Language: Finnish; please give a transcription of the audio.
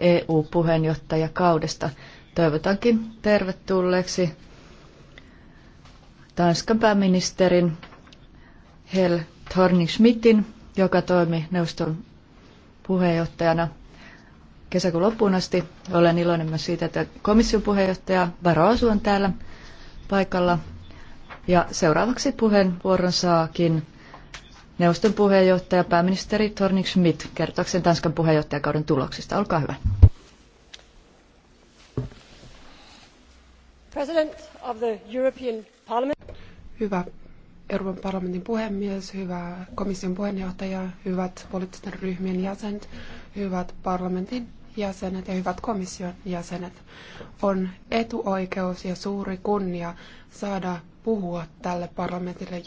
EU-puheenjohtajakaudesta. Toivotankin tervetulleeksi Tanskan pääministerin Hel Thorning-Schmidtin, joka toimi neuvoston puheenjohtajana kesäkuun loppuun asti. Olen iloinen myös siitä, että komission puheenjohtaja Asu on täällä paikalla. Ja seuraavaksi puheenvuoron saakin neuvoston puheenjohtaja, pääministeri Tornik Schmidt, kertoakseen Tanskan puheenjohtajakauden tuloksista. Olkaa hyvä. President of the European Parliament. Hyvä Euroopan parlamentin puhemies, hyvä komission puheenjohtaja, hyvät poliittisten ryhmien jäsenet, hyvät parlamentin jäsenet ja hyvät komission jäsenet. On etuoikeus ja suuri kunnia saada puhua tälle parlamentille jälleen.